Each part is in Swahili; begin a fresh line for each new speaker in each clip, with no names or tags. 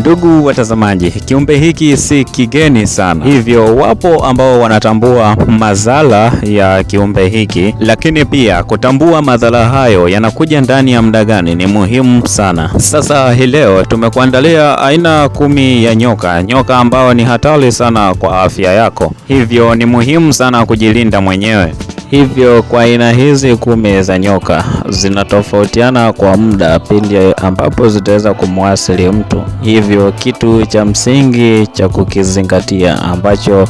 Ndugu watazamaji, kiumbe hiki si kigeni sana, hivyo wapo ambao wanatambua madhara ya kiumbe hiki, lakini pia kutambua madhara hayo yanakuja ndani ya muda gani ni muhimu sana. Sasa hii leo tumekuandalia aina kumi ya nyoka, nyoka ambao ni hatari sana kwa afya yako, hivyo ni muhimu sana kujilinda mwenyewe. Hivyo kwa aina hizi kumi za nyoka zinatofautiana kwa muda pindi ambapo zitaweza kumwasili mtu. Hivyo kitu cha msingi cha kukizingatia ambacho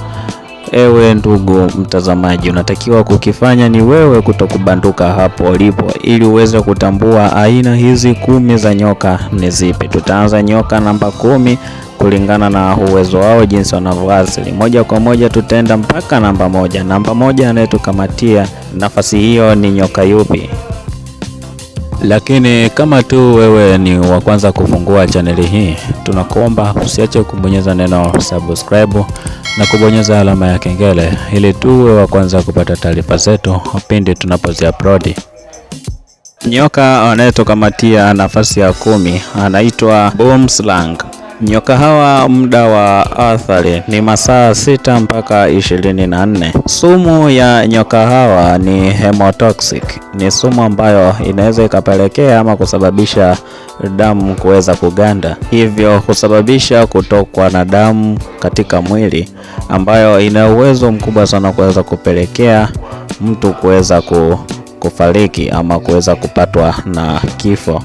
ewe ndugu mtazamaji unatakiwa kukifanya ni wewe kutokubanduka hapo ulipo, ili uweze kutambua aina hizi kumi za nyoka ni zipi. Tutaanza nyoka namba kumi kulingana na uwezo wao jinsi wanavyoasili. Moja kwa moja tutaenda mpaka namba moja. Namba moja anayetukamatia nafasi hiyo ni nyoka yupi? Lakini kama tu wewe ni wa kwanza kufungua chaneli hii, tunakuomba usiache kubonyeza neno subscribe na kubonyeza alama ya kengele ili tuwe wa kwanza kupata taarifa zetu pindi tunapozi upload. Nyoka anayetokamatia nafasi ya kumi anaitwa Boomslang. Nyoka hawa muda wa athari ni masaa sita mpaka ishirini na nne. Sumu ya nyoka hawa ni hemotoxic, ni sumu ambayo inaweza ikapelekea ama kusababisha damu kuweza kuganda, hivyo kusababisha kutokwa na damu katika mwili, ambayo ina uwezo mkubwa sana kuweza kupelekea mtu kuweza kufariki ama kuweza kupatwa na kifo.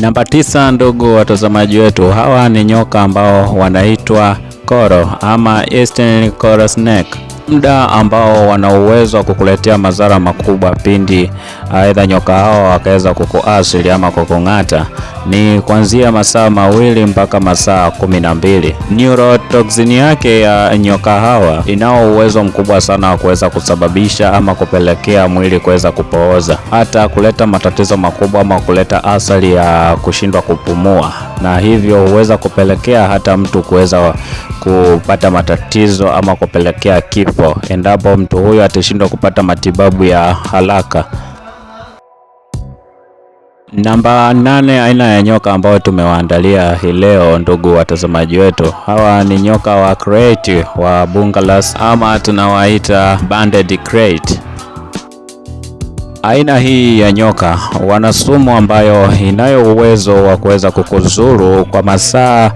Namba tisa, ndugu watazamaji wetu, hawa ni nyoka ambao wanaitwa koro ama eastern coral snake muda ambao wana uwezo wa kukuletea madhara makubwa pindi aidha nyoka hao wakaweza kukuasili ama kukung'ata ni kuanzia masaa mawili mpaka masaa kumi na mbili. Neurotoxin yake ya nyoka hawa inao uwezo mkubwa sana wa kuweza kusababisha ama kupelekea mwili kuweza kupooza, hata kuleta matatizo makubwa ama kuleta athari ya kushindwa kupumua, na hivyo huweza kupelekea hata mtu kuweza kupata matatizo ama kupelekea kifo zipo endapo mtu huyo atashindwa kupata matibabu ya haraka. Namba nane, aina ya nyoka ambayo tumewaandalia hii leo, ndugu watazamaji wetu, hawa ni nyoka wa crate wa bungalas ama tunawaita banded crate. Aina hii ya nyoka wana sumu ambayo inayo uwezo wa kuweza kukuzuru kwa masaa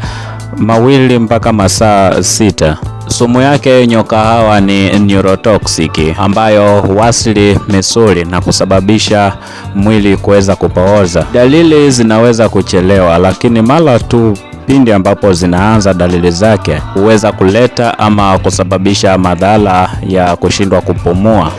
mawili mpaka masaa sita. Sumu yake nyoka hawa ni neurotoxic ambayo huasili misuli na kusababisha mwili kuweza kupooza. Dalili zinaweza kuchelewa, lakini mara tu pindi ambapo zinaanza dalili zake huweza kuleta ama kusababisha madhara ya kushindwa kupumua.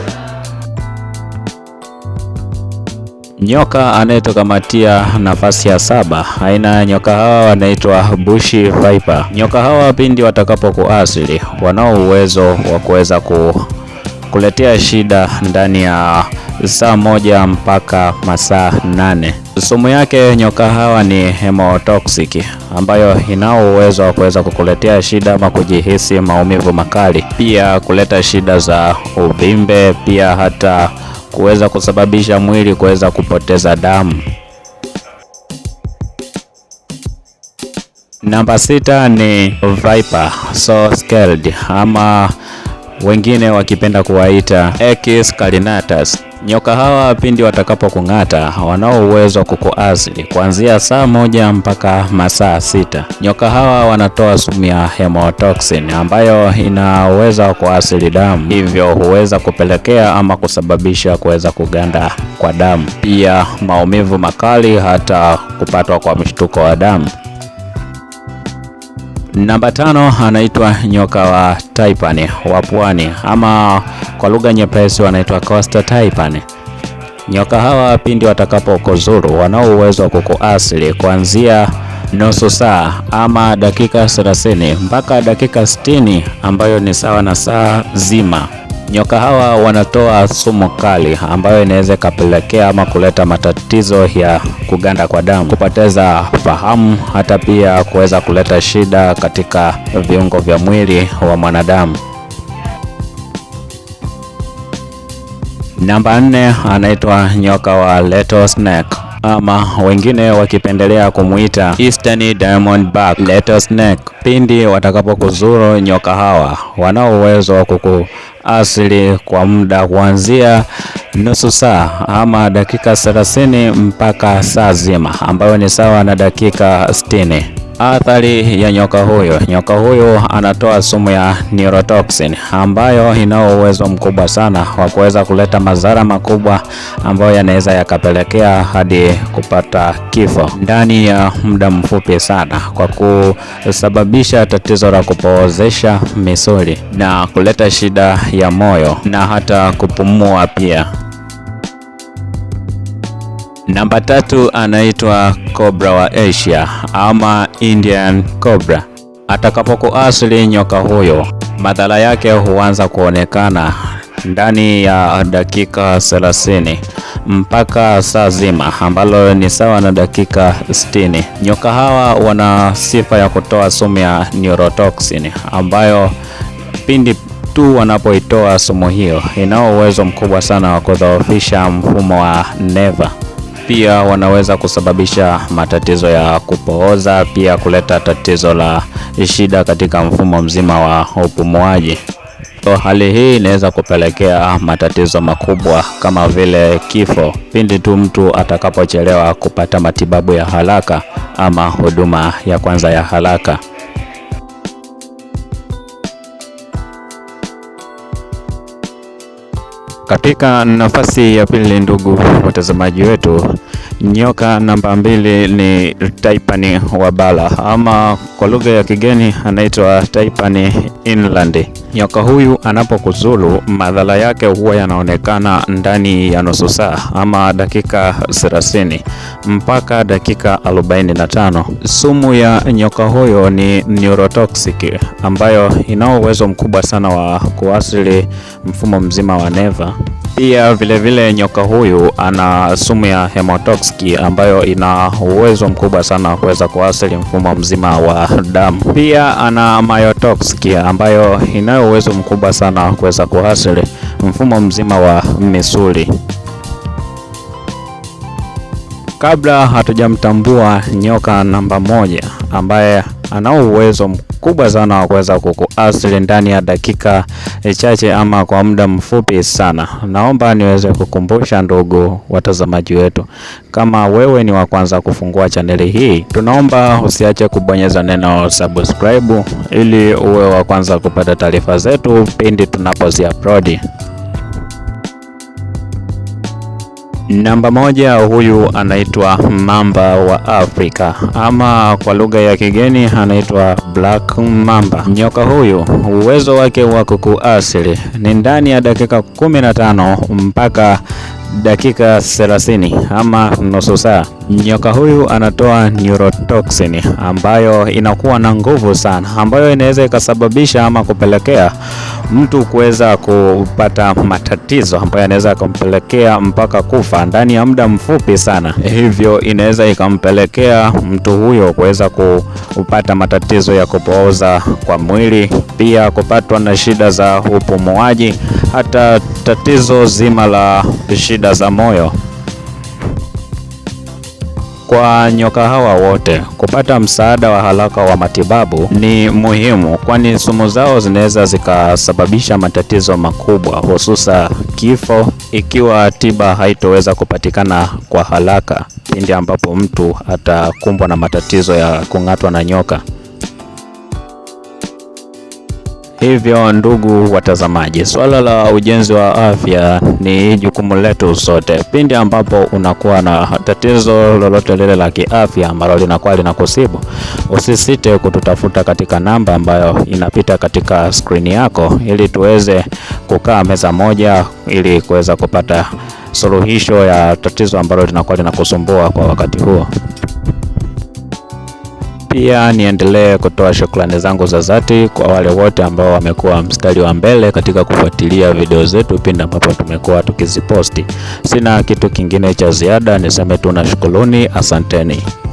Nyoka anayetokamatia nafasi ya saba. Aina ya nyoka hawa wanaitwa bushi viper. Nyoka hawa pindi watakapokuasili, wanao uwezo wa kuweza kukuletea shida ndani ya saa moja mpaka masaa nane. Sumu yake nyoka hawa ni hemotoxic ambayo inao uwezo wa kuweza kukuletea shida ama kujihisi maumivu makali, pia kuleta shida za uvimbe, pia hata kuweza kusababisha mwili kuweza kupoteza damu. Namba sita ni viper so scaled ama wengine wakipenda kuwaita Equus carinatus. Nyoka hawa pindi watakapokung'ata wanao uwezo kukuasili kuanzia saa moja mpaka masaa sita. Nyoka hawa wanatoa sumu ya hemotoxin ambayo inaweza kuasili damu, hivyo huweza kupelekea ama kusababisha kuweza kuganda kwa damu, pia maumivu makali, hata kupatwa kwa mshtuko wa damu. Namba tano anaitwa nyoka wa Taipani wa pwani, ama kwa lugha nyepesi wanaitwa Costa Taipani. Nyoka hawa pindi watakapokuzuru, wanao uwezo wa kukuasili kuanzia nusu saa ama dakika 30 mpaka dakika 60 ambayo ni sawa na saa zima. Nyoka hawa wanatoa sumu kali ambayo inaweza ikapelekea ama kuleta matatizo ya kuganda kwa damu, kupoteza fahamu, hata pia kuweza kuleta shida katika viungo vya mwili wa mwanadamu. Namba nne anaitwa nyoka wa Leto Snake ama wengine wakipendelea kumuita Eastern Diamondback Letter Snake pindi watakapokuzuru nyoka hawa wanao uwezo wa kukuasili kwa muda kuanzia nusu saa ama dakika 30 mpaka saa zima ambayo ni sawa na dakika 60. Athari ya nyoka huyo. Nyoka huyo anatoa sumu ya neurotoxin ambayo inao uwezo mkubwa sana wa kuweza kuleta madhara makubwa ambayo yanaweza yakapelekea hadi kupata kifo ndani ya muda mfupi sana, kwa kusababisha tatizo la kupoozesha misuli na kuleta shida ya moyo na hata kupumua pia. Namba tatu anaitwa Cobra wa Asia ama Indian Cobra. Atakapokuasili nyoka huyo, madhara yake huanza kuonekana ndani ya dakika 30 mpaka saa zima ambalo ni sawa na dakika 60. Nyoka hawa wana sifa ya kutoa sumu ya neurotoxin ambayo pindi tu wanapoitoa sumu hiyo, inao uwezo mkubwa sana wa kudhoofisha mfumo wa neva pia wanaweza kusababisha matatizo ya kupooza, pia kuleta tatizo la shida katika mfumo mzima wa upumuaji. So, hali hii inaweza kupelekea matatizo makubwa kama vile kifo pindi tu mtu atakapochelewa kupata matibabu ya haraka ama huduma ya kwanza ya haraka. Katika nafasi ya pili, ndugu watazamaji wetu, nyoka namba mbili ni Type taipani wa bara ama kwa lugha ya kigeni anaitwa taipani inland. Nyoka huyu anapokuzulu madhara yake huwa yanaonekana ndani ya nusu saa ama dakika 30 mpaka dakika 45. Sumu ya nyoka huyo ni neurotoxic, ambayo inao uwezo mkubwa sana wa kuasili mfumo mzima wa neva pia vilevile vile nyoka huyu ana sumu ya hemotoxiki ambayo ina uwezo mkubwa sana wa kuweza kuathiri mfumo mzima wa damu. Pia ana myotoxiki ambayo inayo uwezo mkubwa sana kuweza kuathiri mfumo mzima wa misuli. Kabla hatujamtambua nyoka namba moja ambaye anao uwezo kubwa sana wa kuweza kukuasili ndani ya dakika eh, chache ama kwa muda mfupi sana. Naomba niweze kukumbusha ndugu watazamaji wetu, kama wewe ni wa kwanza kufungua chaneli hii, tunaomba usiache kubonyeza neno subscribe ili uwe wa kwanza kupata taarifa zetu pindi tunapozi upload. Namba moja, huyu anaitwa mamba wa Afrika ama kwa lugha ya kigeni anaitwa black mamba. Nyoka huyu uwezo wake wa kukuasili ni ndani ya dakika 15 mpaka dakika 30 ama nusu saa. Nyoka huyu anatoa neurotoxin ambayo inakuwa na nguvu sana, ambayo inaweza ikasababisha ama kupelekea mtu kuweza kupata matatizo ambayo anaweza akampelekea mpaka kufa ndani ya muda mfupi sana. Hivyo inaweza ikampelekea mtu huyo kuweza kupata matatizo ya kupooza kwa mwili, pia kupatwa na shida za upumuaji, hata tatizo zima la shida shida za moyo. Kwa nyoka hawa wote kupata msaada wa haraka wa matibabu ni muhimu, kwani sumu zao zinaweza zikasababisha matatizo makubwa, hususa kifo, ikiwa tiba haitoweza kupatikana kwa haraka pindi ambapo mtu atakumbwa na matatizo ya kung'atwa na nyoka. Hivyo ndugu watazamaji, swala la ujenzi wa afya ni jukumu letu sote. Pindi ambapo unakuwa na tatizo lolote lile la kiafya ambalo linakuwa linakusibu, usisite kututafuta katika namba ambayo inapita katika skrini yako, ili tuweze kukaa meza moja, ili kuweza kupata suluhisho ya tatizo ambalo linakuwa linakusumbua kwa wakati huo. Pia niendelee kutoa shukrani zangu za dhati kwa wale wote ambao wamekuwa mstari wa mbele katika kufuatilia video zetu pindi ambapo tumekuwa tukiziposti. Sina kitu kingine cha ziada, niseme tu na asanteni.